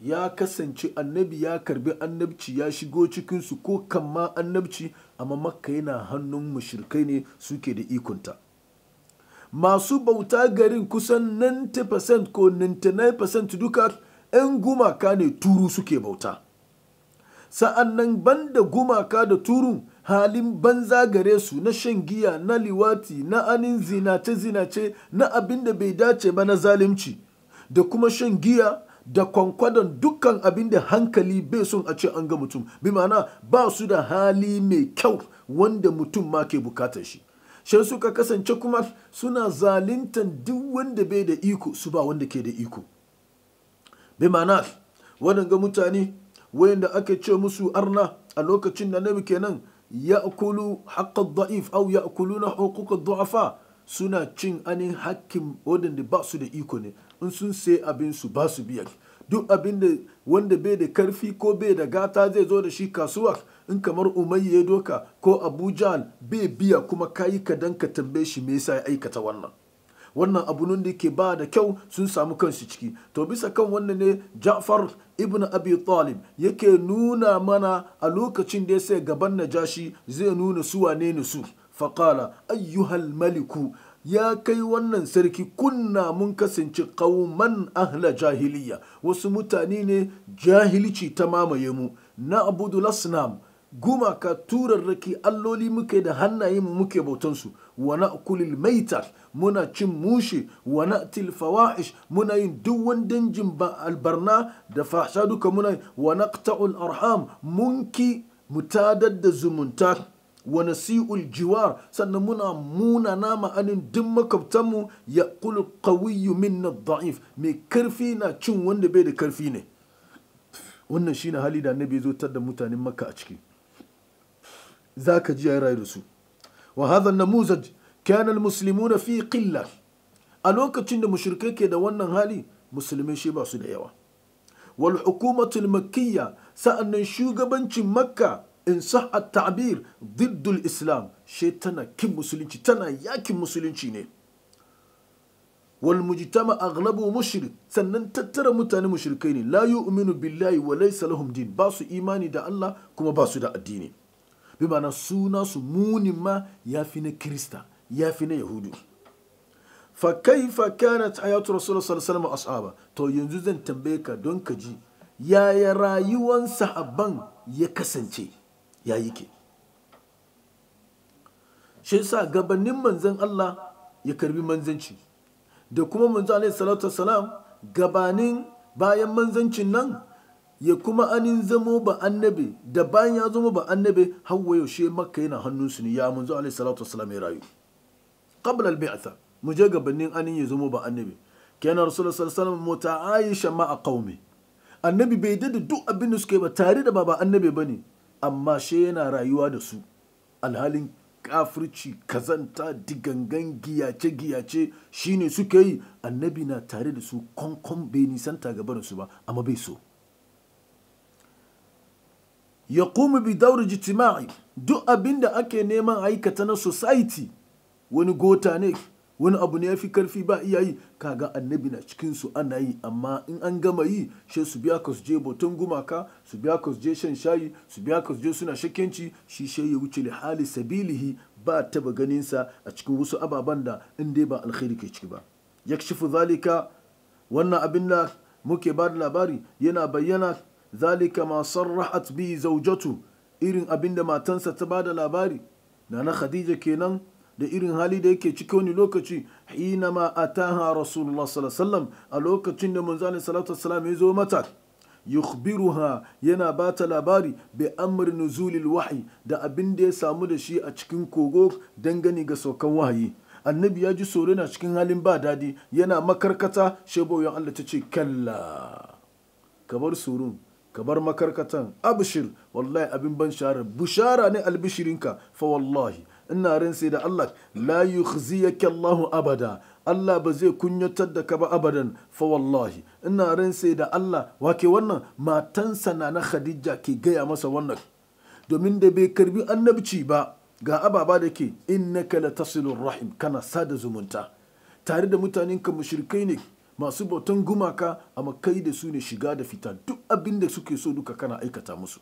ya kasance annabi ya karbi annabci ya shigo cikinsu ko kamma annabci amma makka yana hannun mushrikai ne suke da ikonta masu bauta garin kusan 90% ko 99% duka 'yan gumaka ne turu suke bauta sa'an nan banda gumaka da turu halin banza gare su na shan giya na liwati na anin zinace-zinace na abin da bai dace ba na zalimci da kuma shan giya da kwankwadon dukkan abin da hankali bai son a ce an ga mutum bi ma'ana ba su da hali mai kyau wanda mutum ma ke bukatar shi shan suka kasance kuma suna zalintan duk wanda bai da iko su ba wanda ke da iko bi ma'ana waɗanga mutane wayanda aka ce musu arna a lokacin da na nabi kenan ya kulu haƙƙa da'if au ya kulu na hukuka du'afa suna cin anin hakkin wadanda ba su da iko ne in sun sai abin su ba su biyan duk abin da wanda bai da karfi ko bai da gata zai zo da shi kasuwa in kamar umayya ya doka ko abujan bai biya kuma kayi ka dan ka tambaye shi me yasa ya aikata wannan wannan abu nun da ke ba da kyau sun samu kansu ciki to bisa kan wannan ne ja'far ibn abi talib yake nuna mana a lokacin da ya sai gaban najashi zai nuna su wane ne su faqala ayyuhal maliku ya kai wannan sarki kunna mun kasance kauman ahla jahiliya wasu mutane ne jahilci ta mamaye mu na abudu lasnam gumaka turarraki alloli muke da hannaye mu muke bautansu wana kulil maitar muna cin mushe wana tilfawa'ish muna yin duk wani danjin albarna da fasha duka muna wa naqta'ul arham munki mutadar da zumunta wa nasi'ul jiwar sannan muna munana ma'anin duk makwabtanmu ya kulu qawiyyu minna da'if mai karfi na cin wanda bai da karfi ne wannan shine hali da annabi zo tar da mutanen makka a ciki zaka ji ya da su wa hadha namuzaj kana almuslimuna fi qilla a lokacin da mushrikai ke da wannan hali musulmai shi ba su da yawa wal hukumatul makkiyya sa'annan shugabancin makka in sa'ad ta'bir diddul islam she tana kin musulunci tana yakin musulunci ne wal mujtama aghlabu mushrik sannan tattara mutane mushrikai ne la yu'minu billahi wa laysa lahum din ba su imani da Allah kuma ba su da addini bi ma'ana suna su munin ma yafi na kirista yafi na yahudu fa kaifa kanat hayatu rasulullah sallallahu alaihi ashaba to yanzu zan tambaye ka don ka ji yaya rayuwan sahabban ya kasance ya yi ke shi sa gabanin manzan Allah ya karbi manzanci da kuma manzan alaihi salatu salam gabanin bayan manzancin nan ya kuma anin zamo ba annabi da bayan ya zama ba annabi hawa yaushe makka yana hannunsu ne ya manzo alaihi salatu salam ya rayu qabla al-bi'tha mu je gabanin anin ya zama ba annabi kenan rasulullah sallallahu alaihi wasallam ma ma'a qaumi annabi bai da duk abin da suke ba tare da ba ba annabi bane amma she yana rayuwa da su alhalin kafirci kazanta digangan giyace giyace shine suke yi annabi na tare da su konkon bai nisanta gabarin su ba amma bai so ya kuma bi daura jitima'i duk abin da ake neman aikata na society wani gota ne wani abu ne ya fi karfi ba iya yi kaga annabi na cikin su ana yi amma in an gama yi shi su biya ka su je botan gumaka su biya ka su je shan shayi su biya ka su je suna shakkenci shi shi ya wuce li hali sabilihi ba taba ganin sa a cikin wasu ababen da in dai ba alkhairi ke ciki ba yakshifu zalika wannan abin da muke ba da labari yana bayyana zalika ma sarrahat bi zaujatu irin abin da matansa ta ba da labari na khadija kenan da irin hali da yake ciki wani lokaci hina ma ataha rasulullah sallallahu a lokacin da manzo sallallahu alaihi ya zo mata yukhbiruha yana ba ta labari bi amr nuzulil wahyi da abin da ya samu da shi a cikin kogo dangane ga saukan wahayi annabi ya ji tsoro na cikin halin ba dadi yana makarkata sheboyin Allah ta ce kalla kabar surun kabar makarkatan abshir wallahi abin ban shara bushara ne albishirinka fa wallahi ina sai da Allah la yukhziyaka Allahu abada Allah ba zai kunyatar da ka ba abadan fa wallahi ina sai da Allah wake wannan matan na na Khadija ke gaya masa wannan domin da bai karbi annabci ba ga ababa da ke innaka latasilur rahim kana sada zumunta tare da mutanen ka mushrikai ne masu bautan gumaka amma kai da su ne shiga da fita duk abin da suke so duka kana aikata musu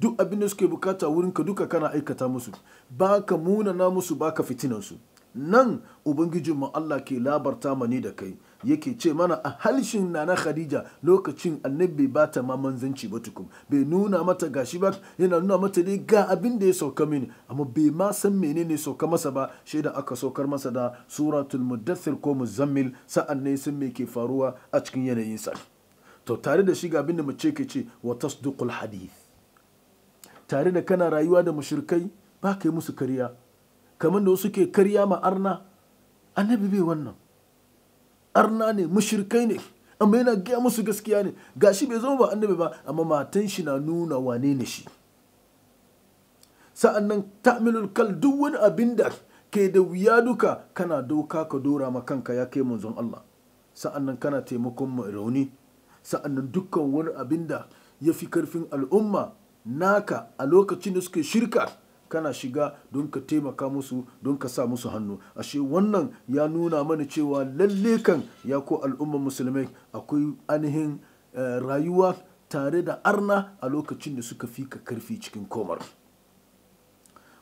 duk abin da suke bukata wurinka duka kana aikata musu baka ka na musu baka ka fitinansu nan ubangijinmu Allah ke labarta mani da kai yake ce mana a halshin nana khadija lokacin annabi ba ta ma manzanci ba tukun bai nuna mata gashi ba yana nuna mata dai ga abin da ya sauka mini amma bai ma san menene sauka masa ba shi da aka saukar masa da suratul muddathir ko muzammil sa'an ne sun me ke faruwa a cikin yanayin sa to tare da shi ga abin da mace ke ce wa tasduqul hadith tare da kana rayuwa da mushrikai ba ka yi musu kariya, kamar da wasu ke kariya ma arna annabi bai wannan arna ne mushrikai ne amma yana gaya musu gaskiya ne gashi bai zama ba annabi ba amma matan shi na nuna wane ne shi sa'an nan ta'milul kal duk wani abin da ke da wuya duka kana doka ka dora ma kanka ya kai manzon Allah sa'an nan kana taimakon mai rauni sa'an nan dukkan wani abin da ya fi karfin al'umma naka a lokacin da suke shirka kana shiga don ka taimaka musu don ka sa musu hannu ashe wannan ya nuna mana cewa lalle kan ya ko al'ummar musulmai akwai ainihin eh, rayuwa tare da arna a lokacin da suka fi ka karfi cikin komar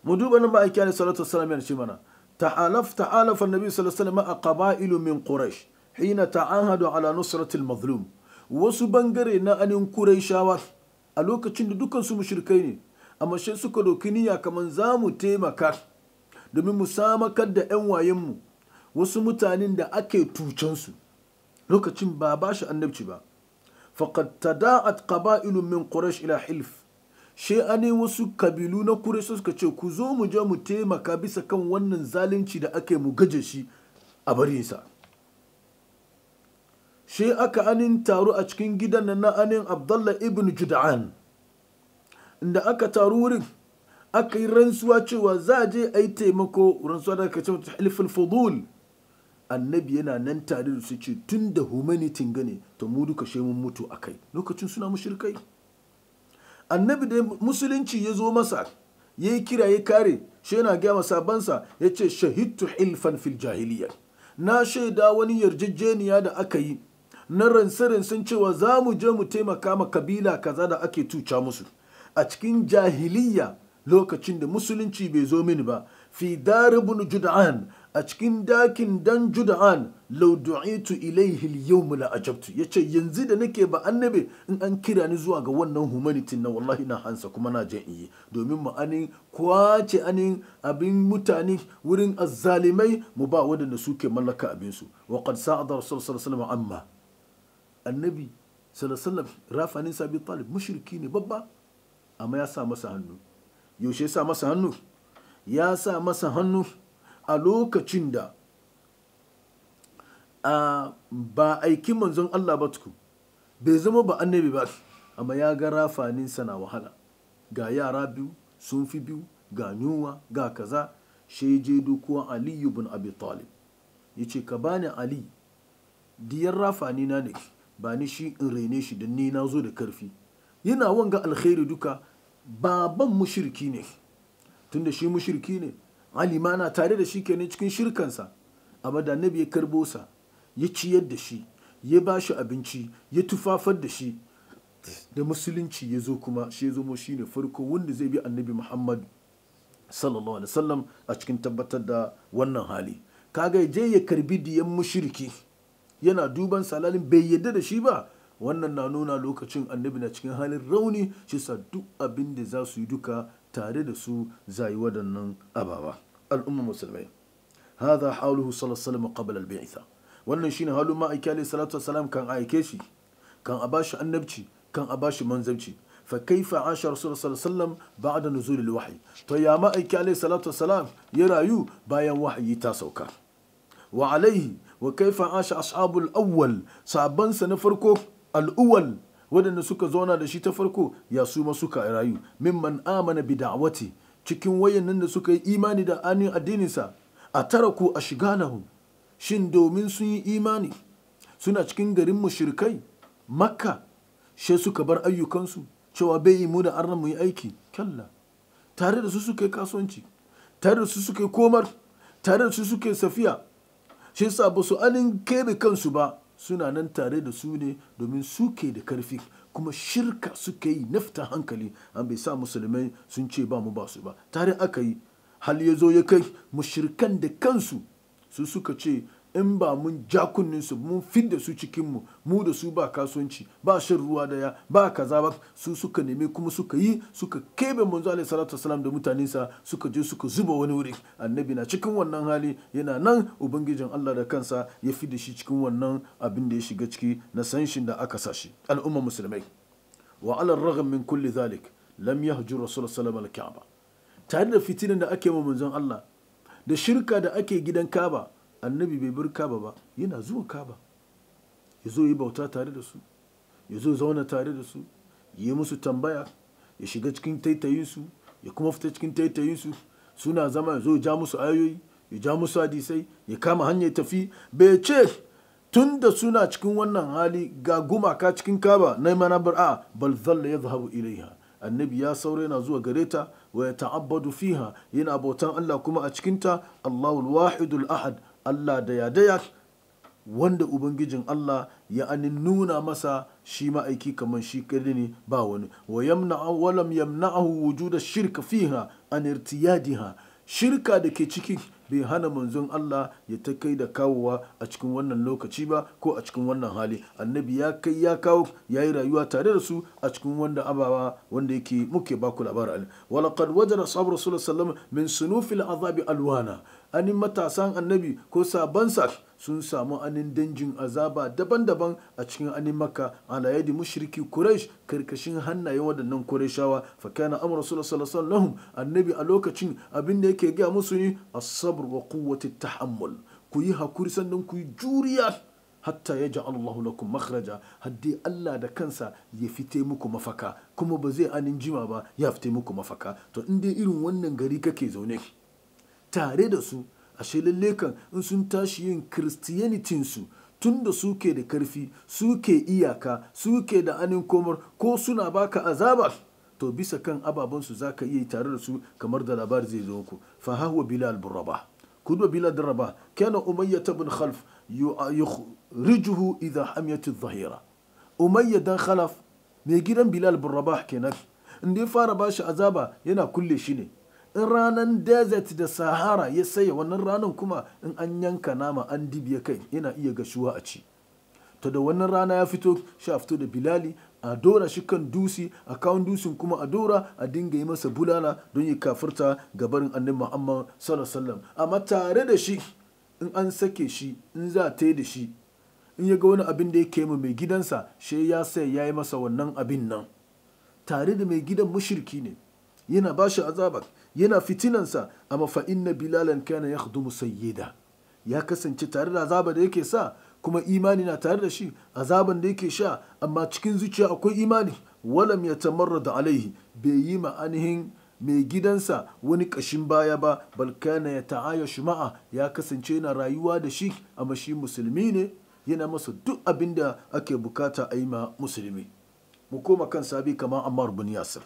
mu duba nan ba a kyale salatu wassalam yana ce mana ta'alaf ta'alaf annabi sallallahu alaihi wasallam a qaba'ilu min quraish hina ta'ahadu ala nusratil mazlum wasu bangare na anin quraishawa a lokacin da dukansu mushrikai ne amma shi suka doki niyya kamar za mu taimaka domin mu samakar da 'yan wayenmu wasu mutanen da ake tucensu lokacin ba ba shi annabci ba faqad tada'at qaba'ilun min quraish ila hilf she ane wasu kabilu na quraish suka ce ku zo mu je mu taimaka bisa kan wannan zalunci da ake mu gaje shi a barinsa shi aka anin taru a cikin gidan nan na anin abdalla ibn juda'an inda aka taru wurin aka yi rantsuwa cewa za a je a yi taimako rantsuwa da aka ce mata halifin fudul annabi yana nan tare da su ce tun da humanitin gane ta mu duka shi mun mutu a kai lokacin suna mushrikai annabi da musulunci ya zo masa ya yi kira ya kare shi yana gaya sabansa ya ce shahidtu hilfan fil jahiliya na shaida wani yarjejeniya da aka yi na rinsirinsin cewa za mu je mu taimaka ma kabila kaza da ake tuca musu a cikin jahiliya lokacin da musulunci bai zo mini ba fi daribun jud'an a cikin dakin dan jud'an laudu'itu ilai ilayhi yawm la ajabtu yace yanzu da nake ba annabi in an kira ni zuwa ga wannan humanity na wallahi na hansa kuma na je yi domin mu anin kwace anin abin mutane wurin azzalimai mu ba wadanda suke mallaka abin su wa qad sa'ada rasul sallallahu alaihi wasallam amma annabi salasalam rafanin sabi talib mashirki ne babba amma ya sa masa hannu yaushe ya sa masa hannu ya sa masa hannu a lokacin da ba aiki manzon Allah ba tuku bai zama ba annabi ba amma ya ga rafaninsa na wahala ga yara biyu sun fi biyu ga nyuwa ga kaza shi je dokuwa aliyu bin abi talib ya ce ka bani ali diyar rafanina ne ba ni shi in rene shi da ni na zo da karfi yana wanga alkhairi duka baban mushirki ne tun da shi mushirki ne alimana na tare da shi kenan cikin shirkansa amma da annabi ya karbo sa ya ciyar da shi ya ba shi abinci ya tufafar da shi da musulunci ya zo kuma shi ya shi ne farko wanda zai bi annabi muhammad sallallahu alaihi wasallam a cikin tabbatar da wannan hali kaga je ya karbi diyan mushirki yana duban salalin bai yadda da shi ba wannan na nuna lokacin annabi na cikin halin rauni shi sa duk abin da za su yi duka tare da su za yi waɗannan ababa al'umma musulmai hadha hawluhu sallallahu alaihi qabla al-bi'tha wannan shine halin ma'aiki alaihi salatu wasalam kan aike shi kan a bashi annabci kan a bashi manzanci fa kaifa asha rasul sallallahu alaihi wasallam ba'da nuzul al-wahyi to ya ma'aiki alaihi salatu wasalam ya rayu bayan wahayi ta sauka wa alaihi wa kaifa asha ashabul awwal sabansa na farko al'uwal wadanda suka zauna da shi ta farko ya su ma suka rayu mimman amana bi da'wati cikin wayannan da suka yi imani da anin addininsa a taraku a shiga nahu shin domin sun yi imani suna cikin garin mushrikai makka she suka bar ayyukansu cewa bai yi mu da arna mu yi aiki kyalla tare da su suka yi kasuwanci tare da su suka yi komar tare da su suka yi safiya shi yasa ba su anin kebe kansu ba suna nan tare da su ne domin suke da karfi kuma shirka suke yi nafta hankali an bai sa musulmai sun ce ba mu ba su ba tare aka yi hal ya zo ya kai mushirkan da kansu su suka ce in ba mun ja kunninsu mun fin da su cikinmu mu da su ba kasuwanci ba shan ruwa daya ba kaza ba su suka neme kuma suka yi suka kebe manzo alaihi salatu wasalam da mutanensa suka je suka zuba wani wuri annabi na cikin wannan hali yana nan ubangijin Allah da kansa ya fi da shi cikin wannan abin da ya shiga ciki na sanshin da aka sa shi al'umma musulmai wa ala ragam min kulli zalik lam yahjur rasul sallallahu alaihi wasallam tare da fitinan da ake ma manzon Allah da shirka da ake gidan Kaba annabi bai bar kaba ba yana zuwa kaba ya zo yi bauta tare da su ya zo zauna tare da su yi musu tambaya ya shiga cikin taitayinsu ya kuma fita cikin taitayinsu suna zama ya zo ya ja musu ayoyi ya ja musu hadisai ya kama hanyar tafi bai ce tun da suna cikin wannan hali ga gumaka cikin kaba na mana bar a bal zalla ya zahabu ilaiha annabi ya saura yana zuwa gare ta wa ya ta'abbadu fiha yana bautan Allah kuma a cikinta Allahul wahidul ahad Allah daya daya wanda ubangijin Allah ya anin nuna masa shi ma'aiki kamar shi kadai ne ba wani wa yamna walam yamna'ahu wujuda shirka fiha an irtiyadiha shirka da ke cikin bai hana manzon Allah ya ta kai da kawowa a cikin wannan lokaci ba ko a cikin wannan hali annabi ya kai ya kawo ya yi rayuwa tare da su a cikin wanda ababa wanda yake muke baku labarin walaƙad wajen ashabu rasulullah sallam min sunufil azabi alwana anin matasan annabi ko sabansa sun samu anin danjin azaba daban-daban a cikin anin makka ala yadi mushriki quraish karkashin hannaye waɗannan qurayshawa fa kana amru sallallahu alaihi annabi a lokacin abin da yake gaya musu ne as-sabr wa quwwati tahammul ku yi hakuri sannan ku yi juriya hatta ya ji Allahu lakum makhraja haddi Allah da kansa ya fite muku mafaka kuma ba zai anin jima ba ya fite muku mafaka to in dai irin wannan gari kake zaune tare da su a lalle in sun tashi yin kristiyanitin su tun da suke da karfi suke iyaka suke da anin komar ko suna baka azaba to bisa kan ababansu za ka iya tare da su kamar da labari zai zo ku fa hawa bilal bin rabah kudu bilal bin rabah kana umayya bin khalf yukhrijuhu idha hamiyat adh-dhahira umayya dan khalaf mai gidan bilal bin rabah kenan inda ya fara bashi azaba yana kulle shi ne in ranan desert da sahara ya saya wannan ranar kuma in an yanka nama an ya kai yana iya gashuwa a ci to da wannan rana ya fito sha fito da bilali a dora shi kan dusi a kawon dusin kuma a dora a dinga yi masa bulala don yi kafirta gabarin annin muhammad sallallahu amma tare da shi in an sake shi in za ta yi da shi in ya ga wani abin da yake mu mai gidansa shi ya sai ya yi masa wannan abin nan tare da mai gidan mushirki ne yana ba shi azaba yana fitinansa a fa inna bilalan kana yakhdumu sayyida ya kasance tare da azaba da yake sa kuma imani na tare da shi azaban da yake sha amma cikin zuciya akwai imani walam ya tamarra da alaihi bai yi ma'anihin mai gidansa wani kashin baya ba balkana ya ta'aya shuma'a ya kasance yana rayuwa da shi amma shi musulmi ne yana masa duk abin da ake bukata a yi ma musulmi mu koma kan sabi kamar ammar yasir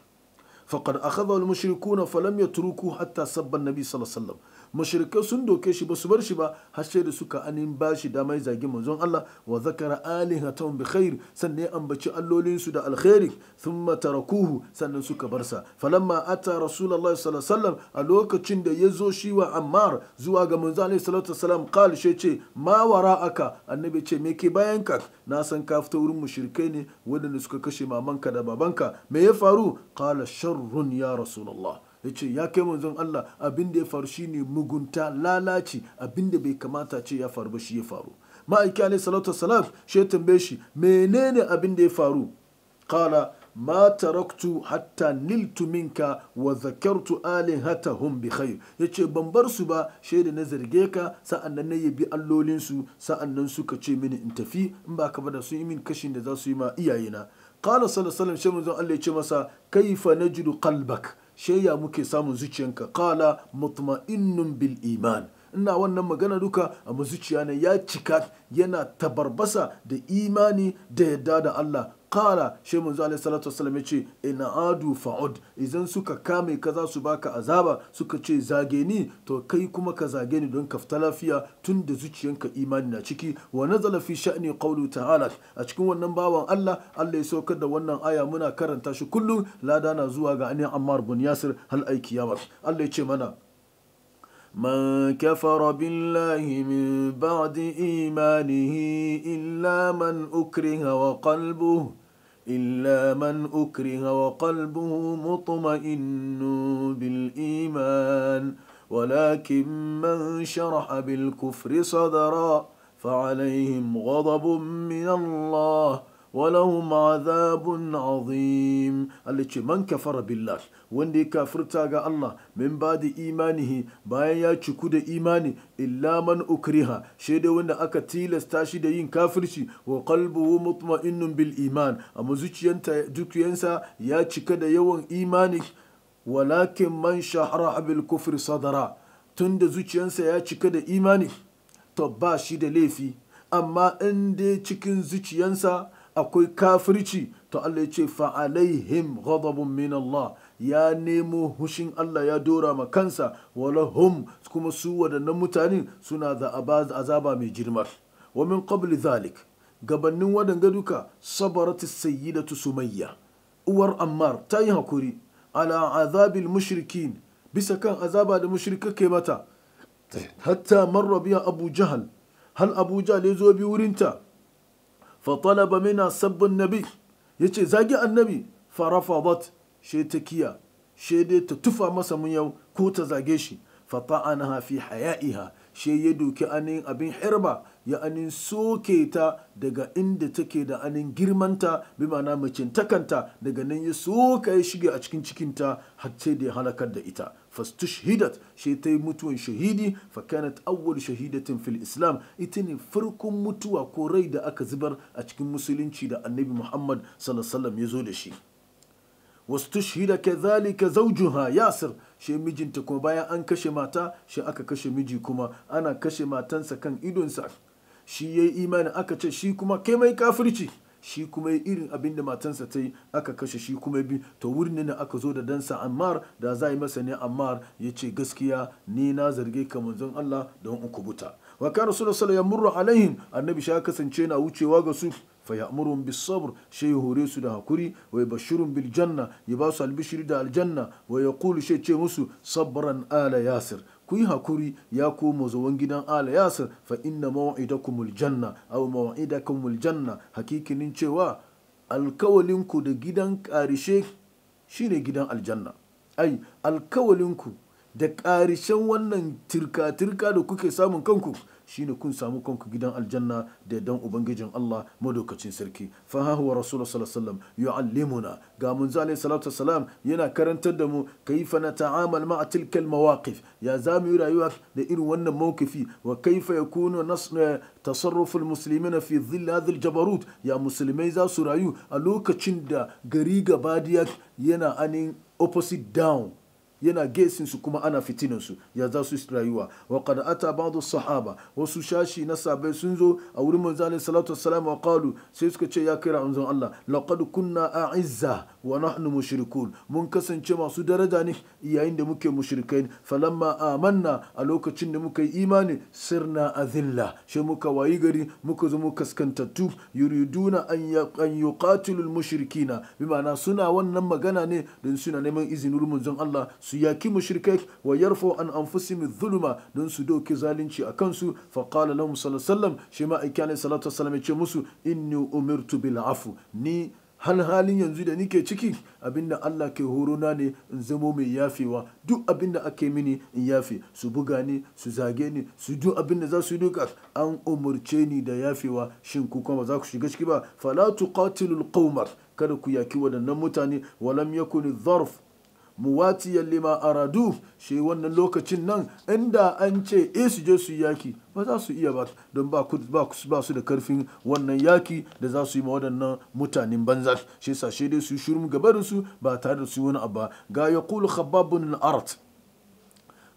فقد أخذه المشركون فلم يتركوه حتى سب النبي صلى الله عليه وسلم mashirkai sun doke shi ba su bar shi ba har sai da suka anin ba shi dama ya zagi manzon Allah wa zakara alihatan bi khair sannan ya ambaci allolin su da alkhairi thumma tarakuhu sannan suka bar sa falamma ata rasulullahi sallallahu alaihi wasallam a lokacin da ya zo shi wa Ammar zuwa ga manzon Allah sallallahu alaihi wasallam qal shi ce ma wara'aka annabi ce me ke bayan ka na san ka fita wurin mushrikai ne wanda suka kashe mamanka da babanka me ya faru qala sharrun ya rasulullahi ya ce ya kai manzon Allah abin da ya faru shine mugunta lalaci abin da bai kamata ce ya faru ba shi ya faru ma'aiki alai salatu wasalam shi ya tambaye shi menene abin da ya faru kala ma taraktu hatta niltu minka wa zakartu alihatahum bi khair yace ban bar su ba da na zarge ka sa'an nan na bi allolin su nan suka ce mini in tafi in ba ka bada su yi min kashin da za su yi ma iyayena qala sallallahu alaihi wasallam shi manzon Allah ya ce masa kaifa najdu qalbak shayya muke samun zuciyanka mutuma mutma'innun bil iman ina wannan magana duka a mazuciya na ya cika yana tabarbasa da imani da yadda da Allah kala shi mun zuwa salatu wasalam ya ce ina adu fa'ud idan suka kame ka za su baka azaba suka ce zage ni to kai kuma ka zage ni don kafta lafiya tun da zuciyanka imani na ciki wa nazala fi sha'ni ta ta'ala a cikin wannan bawan Allah Allah ya saukar da wannan aya muna karanta shi kullum lada na zuwa ga ani Ammar bin Yasir hal aiki kiyama Allah ya ce mana من كفر بالله من بعد إيمانه إلا من أكره وقلبه إلا من أكره وقلبه مطمئن بالإيمان ولكن من شرح بالكفر صدرا فعليهم غضب من الله walahum azabun azim Allah ce man kafara billah wanda ya kafirta ga Allah min ba da imanihi bayan ya ciku da imani illa man ukriha shaidai wanda aka tilasta shi da yin kafirci wa qalbuhu mutma'innun bil iman amma zuciyansa ya cika da yawan imani walakin man shahara bil kufri sadara tunda zuciyarsa ya cika da imani to ba shi da laifi amma in da cikin zuciyarsa. akwai kafirci to Allah ya ce fa'alaihim ghadabun min Allah ya nemo hushin Allah ya dora ma kansa walahum kuma su waɗannan mutane suna da azaba mai girma wa min qabli zalik gabannin wadanga duka sabarat sayyidatu sumayya uwar ammar ta yi hakuri ala azabil mushrikin bisa kan azaba da mushrika ke mata eh. hatta marra biya abu jahal hal abu jahal ya zo bi wurinta fa talaba mina sabbin nabi yace zagi annabi fa rafadat she ta kiya she dai ta tufa masa mun yau ko ta zage shi fa ta'anaha fi haya'iha she ya doki anin abin hirba ya anin soke ta daga inda take da anin girmanta bi ma'ana takanta daga nan ya soka ya shiga a cikin cikinta har sai da ya halakar da ita fastushhidat shi ta yi mutuwan shahidi fa kanat awwal shahidatin fil islam ita ne farkon mutuwa ko rai da aka zubar a cikin musulunci da annabi muhammad sallallahu ya zo da shi wastushhida kadhalika zawjuha yasir shi mijinta kuma bayan an kashe mata shi aka kashe miji kuma ana kashe matansa kan idonsa shi yayi imani aka ce shi kuma kai mai kafirci shi kuma irin abin da matansa ta yi aka kashe shi kuma bi to wurin ne aka zo da dansa ammar da za a yi masa ne ammar ya ce gaskiya ni na zarge ka manzon Allah don in kubuta wa kana rasulullahi sallallahu alaihi wasallam alaihim annabi ya kasance na wucewa ga su hakuri wa شيء bil janna ya ويبشرهم بالجنة da da aljanna wa yaqulu shi شيء musu sabran ala yasir ku yi hakuri ya koma zuwan gidan ala yasir fa inna kumul janna mawa'ida kumul janna hakikinin cewa alkawalinku da gidan karishe shine gidan aljanna ai alkawalinku da ƙarshen wannan tirka-tirka da kuke samun kanku shine kun samu kanku gidan aljanna da dan ubangijin Allah madaukacin sarki fa ha huwa rasulullah sallallahu ga munzo alaihi salatu salam yana karantar da mu kayfa nata'amal ma'a tilkal almawaqif ya zamu yi rayuwa da irin wannan mawkifi wa kayfa yakunu eh, tasarrufu almuslimina fi dhill hadhihi aljabarut ya musulmai za su rayu a lokacin da gari gabadiya yana anin opposite down yana gesin su kuma ana fitinin su ya za su rayuwa wa qad ata ba'du sahaba wasu shashi na sabai sun zo a wurin manzo alaihi salatu wa qalu sai suka ce ya kira anzon Allah laqad kunna a'izza wa nahnu mushrikun mun kasance masu daraja ne yayin da muke mushrikai falamma amanna a lokacin da muka yi imani sirna azilla shi muka wayi gari muka zo muka kaskantattu yuriduna an yuqatilul mushrikina bi ma'ana suna wannan magana ne don suna neman izinin manzon Allah su yaki mushrikai wa yarfo an anfusihim zulma don su doki zalunci a kansu fa qala lahum sallallahu alaihi wasallam shi ma aiki alaihi salatu wasallam ya ce musu inni umirtu bil afu ni hal halin yanzu da nike ciki abinda Allah ke horona ne in zamo mai yafewa duk abinda ake mini in yafe su buga ni su zage ni su duk abinda za su duka an umurce ni da yafewa shin ku kuma za ku shiga ciki ba fala tuqatilul qaumar kada ku yaki waɗannan mutane walam yakuni zarf ya lima aradu shi wannan lokacin nan inda an ce e su je su yaki ba za su iya ba don ba su da karfin wannan yaki da za su yi ma waɗannan mutanen banza shi sa shi dai su shirin gabarinsu ba tare da su wani abu ba ga ya kulu khababun art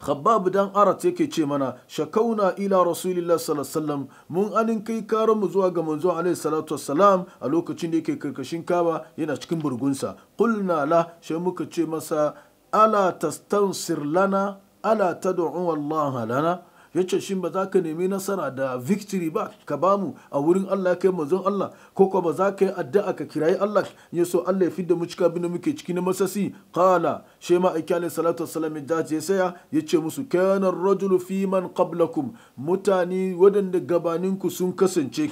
khabbab dan arat yake ce mana shakauna ila rasulillah sallallahu alaihi wasallam mun anin kai karan mu zuwa ga manzo alaihi salatu wassalam a lokacin da yake karkashin kaba yana cikin burgunsa qulna la sai muka ce masa ala tastansir lana ala tad'u Allah lana ya ce shi ba za ka nemi nasara da victory ba ka bamu a wurin Allah kai manzon Allah ko ko ba za ka yi addu'a ka kirayi Allah ya so Allah ya da mu cika bin muke ciki na masasi kala shi ma aiki alayhi salatu wassalam da ya saya ya ce musu kana rajulu fi man qablakum mutane wadanda ku sun kasance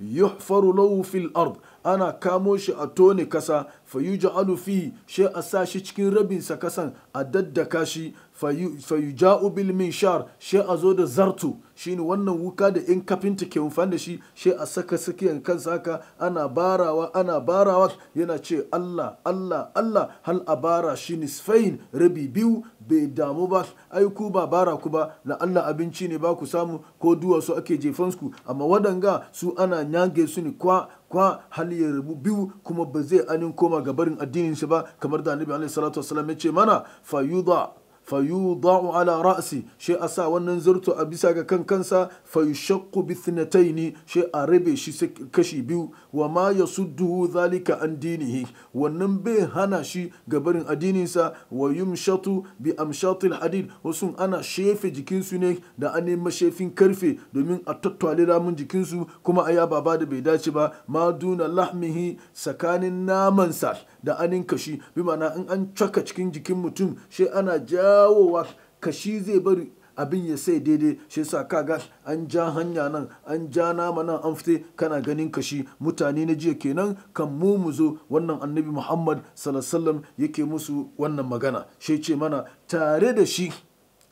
yuhfaru lahu fil ard ana kamo shi a tone kasa fa yuj'alu fi shi a sa shi cikin rabinsa kasan a daddaka shi fayuja'u bil minshar shi a zo da zartu shine wannan wuka da in kafinta ke amfani da shi she a saka sakiyan kan saka ana barawa ana barawa yana ce Allah Allah Allah hal a bara shi nisfain rabi biyu bai damu ba aiku ba bara ku ba na Allah abinci ne ba ku samu ko su ake jefansu amma wadanga su ana nyage su ne kwa kwa hali ya rabu biyu kuma ba zai anin koma ga barin addinin shi ba kamar da Annabi alaihi salatu wasallam ya ce mana fayuda fayuḍa'u ala ra'si shi a sa wannan zarto a bisa ga kan kansa fayushaqqu bi thnataini shi a rabe shi kashi biyu wa ma yasudduhu zalika an dinihi wannan bai hana shi ga barin addininsa wa yumshatu bi amshatil hadid wasu ana shefe jikinsu ne da an nema shefin karfe domin a tattwale ramin jikinsu kuma a yaba ba da bai dace ba ma duna lahmihi tsakanin namansa da anin kashi bi mana in an caka cikin jikin mutum shi ana jawowa kashi zai bari abin ya sai daidai shi ka kaga an ja hanya nan an ja nama nan an fite kana ganin kashi mutane na jiya kenan kan mu mu zo wannan annabi muhammad sallallahu yake musu wannan magana shi ce mana tare da shi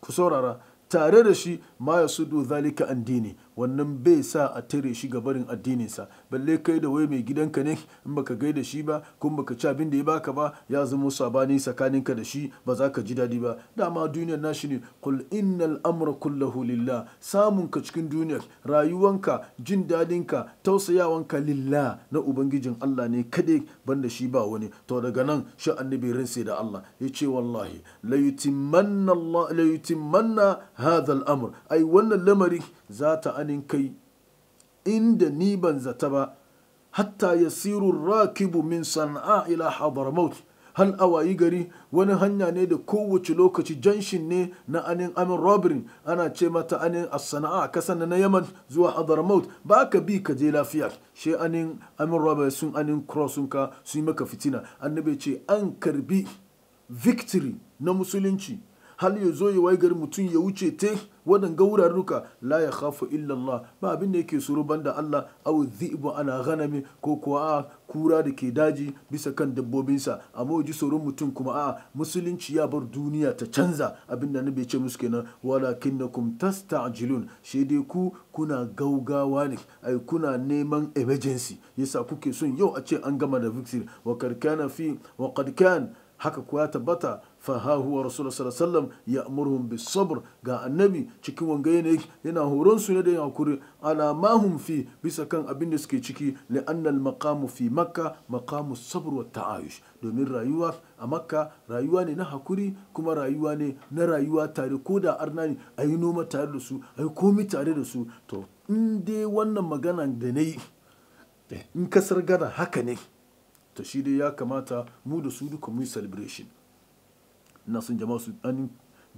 ku saurara tare da shi ma ya sudu zalika addini wannan bai sa a tare shi ga barin addininsa balle kai da wai mai gidanka ne in baka gai da shi ba kun baka ci abin da ya baka ba ya zama sabani ka da shi ba za ka ji daɗi ba dama duniyar shi ne kul innal amra kullahu lillah samun ka cikin duniyar rayuwanka jin dadinka tausayawanka lillah na ubangijin Allah ne kadai banda shi ba wani to daga nan shi annabi rinse da Allah ya ce wallahi la yutimanna Allah la yutimanna hadha al-amr ai wannan lamari za ta anin kai inda ni ban zata ba hatta siru rakibu min san'a ila hadramaut hal awayi gari wani hanya ne da kowace lokaci janshin ne na anin amin robin ana ce mata anin a sanaa a kasan na yaman zuwa hadramaut ba ka bi ka je lafiya she anin amin robin sun anin crossun ka sun yi maka fitina annabi ce an karbi victory na musulunci hal ya zo ya wai gari mutum ya wuce te wadan ga wuraruka la ya khafu illallah ba abin da yake suru banda Allah aw dhi'bu ana ghanami ko kuwa a kura da ke daji bisa kan dabbobinsa amma ji tsoron mutum kuma a musulunci ya bar duniya ta canza abin da nabi ce musu kenan walakinnakum tasta'jilun shi dai ku kuna gaugawa ne ai kuna neman emergency yasa kuke son yau a ce an gama da victory wa karkana fi wa haka kuwa tabbata fa huwa rasulullah sallallahu alaihi wasallam ya'muruhum bis sabr ga annabi cikin wanga yanayi yana horon su ne da hakuri ala ma hum fi bisa kan abin da suke ciki li anna al maqamu fi makka maqamu sabr wa ta'ayush domin rayuwa a makka rayuwa ne na hakuri kuma rayuwa ne na rayuwa tare ko da arna ne a noma tare da su ayi yi komi tare da su to in dai wannan magana da na eh, in kasar gana haka ne to shi dai ya kamata mu da su duka mu yi celebration na son jama'a su an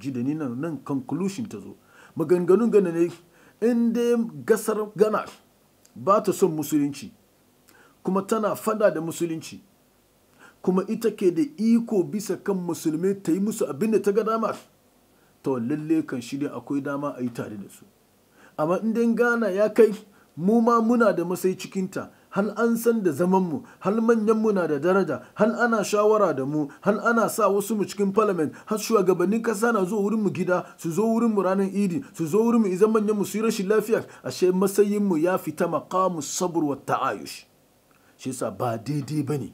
ji da ni nan nan conclusion ta zo maganganun gana ne in dai gasar gana ba ta son musulunci kuma tana fada da musulunci kuma ita ke da iko bisa kan musulmi ta yi musu abin da ta ga dama ta lalle kan shi dai akwai dama a yi tare da su amma in dai gana ya kai mu ma muna da masai cikinta hal an san da zaman zamanmu hal mu na da daraja hal ana shawara da mu hal ana sa wasu mu cikin parliament har shugabannin kasa na zo wurin mu gida su zo wurin mu ranar idi su zo wurin mu idan manyan mu su yi rashin lafiya ashe matsayin mu ya fita maqamu sabr wa ta'ayush shi yasa ba daidai bane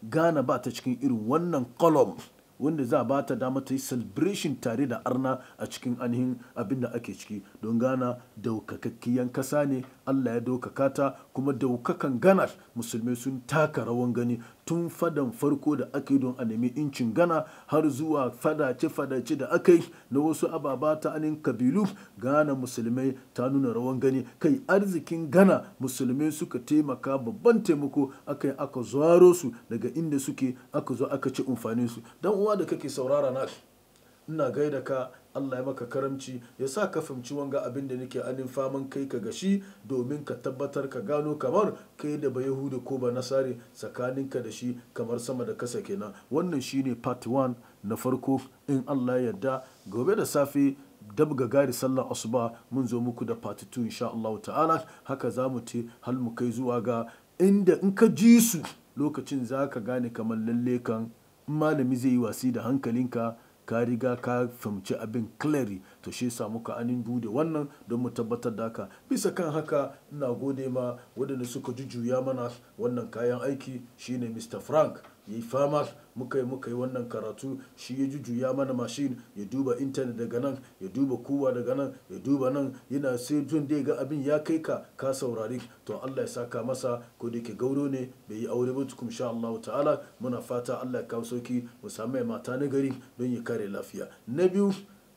Ghana ba ta cikin irin wannan kolom wanda za ba ta dama ta yi celebration tare da arna a cikin ainihin abin da ake ciki don gana daukakakkiyan kasa ne Allah ya daukaka ta kuma daukakan ganar musulmai sun taka rawan gani tun fadan farko da aka yi don a nemi incin gana har zuwa fadace-fadace da aka yi na wasu ababa ta anin kabilu gana musulmai ta nuna rawan gani kai arzikin gana musulmai suka taimaka babban taimako aka yi aka zaro su daga inda suke aka zo aka ci amfanin su dan uwa da kake saurara na ina gaida ka Allah ya maka karamci ya sa ka fahimci wanga abin da nake anin faman kai ka gashi domin ka tabbatar ka gano kamar kai da ba Yahudi ko ba Nasari ka da shi kamar sama da kasa kenan wannan shine part 1 na farko in Allah ya yarda gobe da safe dab ga gari sallar asuba mun zo muku da part 2 insha Allah ta'ala haka za mu ci hal mu kai zuwa ga inda in ka ji su lokacin zaka gane kamar lalle kan malami zai yi wasi da hankalinka ka riga ka fahimci abin clary to shi samu ka anin bude wannan don mu tabbatar da haka bisa kan haka ina gode ma waɗanda suka jujjuya mana wannan kayan aiki shine Mr. Frank ya yi fama muka yi muka yi wannan karatu shi ya ya mana mashin ya duba intanet daga nan ya duba kowa daga nan ya duba nan yana sai jun da ga abin ya kai ka ka saurari to Allah ya saka masa ko da yake gauro ne bai yi aure ba tukum sha Allah ta'ala muna fata Allah ya kawo sauki mu samu mata na gari don ya kare lafiya na biyu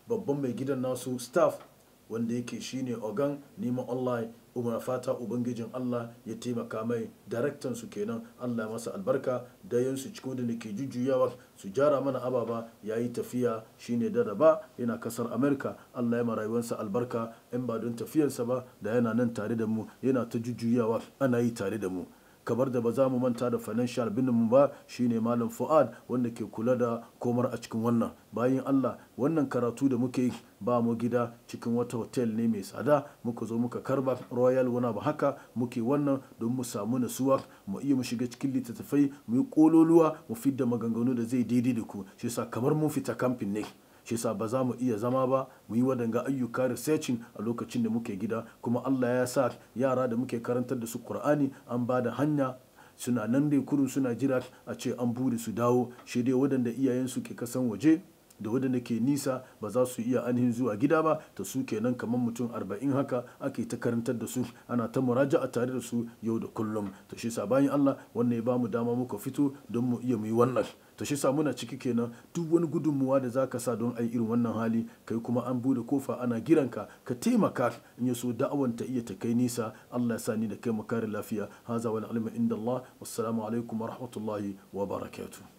babban mai gidan nasu staff wanda yake shine ogan neman Allah umar fata ubangijin Allah ya taimaka mai daraktan su kenan Allah masa albarka da su cikin da ke jujjuyawa su jara mana ababa yayi tafiya shine da raba yana kasar America Allah ya marayuwansa albarka in ba don tafiyarsa ba da yana nan tare da mu yana ta jujjuyawa ana yi tare da mu kamar da ba za mu manta da financial mu ba shine malam fu'ad wanda ke kula da komar a cikin wannan bayan allah wannan karatu da muke ba mu gida cikin wata hotel ne mai tsada muka zo muka karba royal wana ba haka muke wannan don mu samu nasuwa mu iya mu shiga cikin littattafai mu yi kololuwa mu fidda maganganu da zai daidai da ku shi sa kamar mun fita kamfin ne shi sa ba za mu iya zama ba mu yi wadanga ayyuka researching a lokacin da muke gida kuma Allah ya sa yara da muke karantar da su Qur'ani an ba da hanya suna nan dai kurun suna jira a ce an bude su dawo shi dai waɗanda iyayensu ke kasan waje da wadanda ke nisa ba za su iya anihin zuwa gida ba ta su kenan kamar mutum arba'in haka ake ta karantar da su ana ta muraja a tare da su yau da kullum ta shi bayan Allah wannan ya bamu dama muka fito don mu iya mu yi wannan ta shi muna ciki kenan duk wani gudunmuwa da zaka sa don ayi irin wannan hali kai kuma an bude kofa ana giranka ka taimaka in ya so da'awan ta iya ta kai nisa Allah ya sa ni da kai mu kare lafiya haza wal ilmu inda Allah wassalamu alaikum wa rahmatullahi wa barakatuh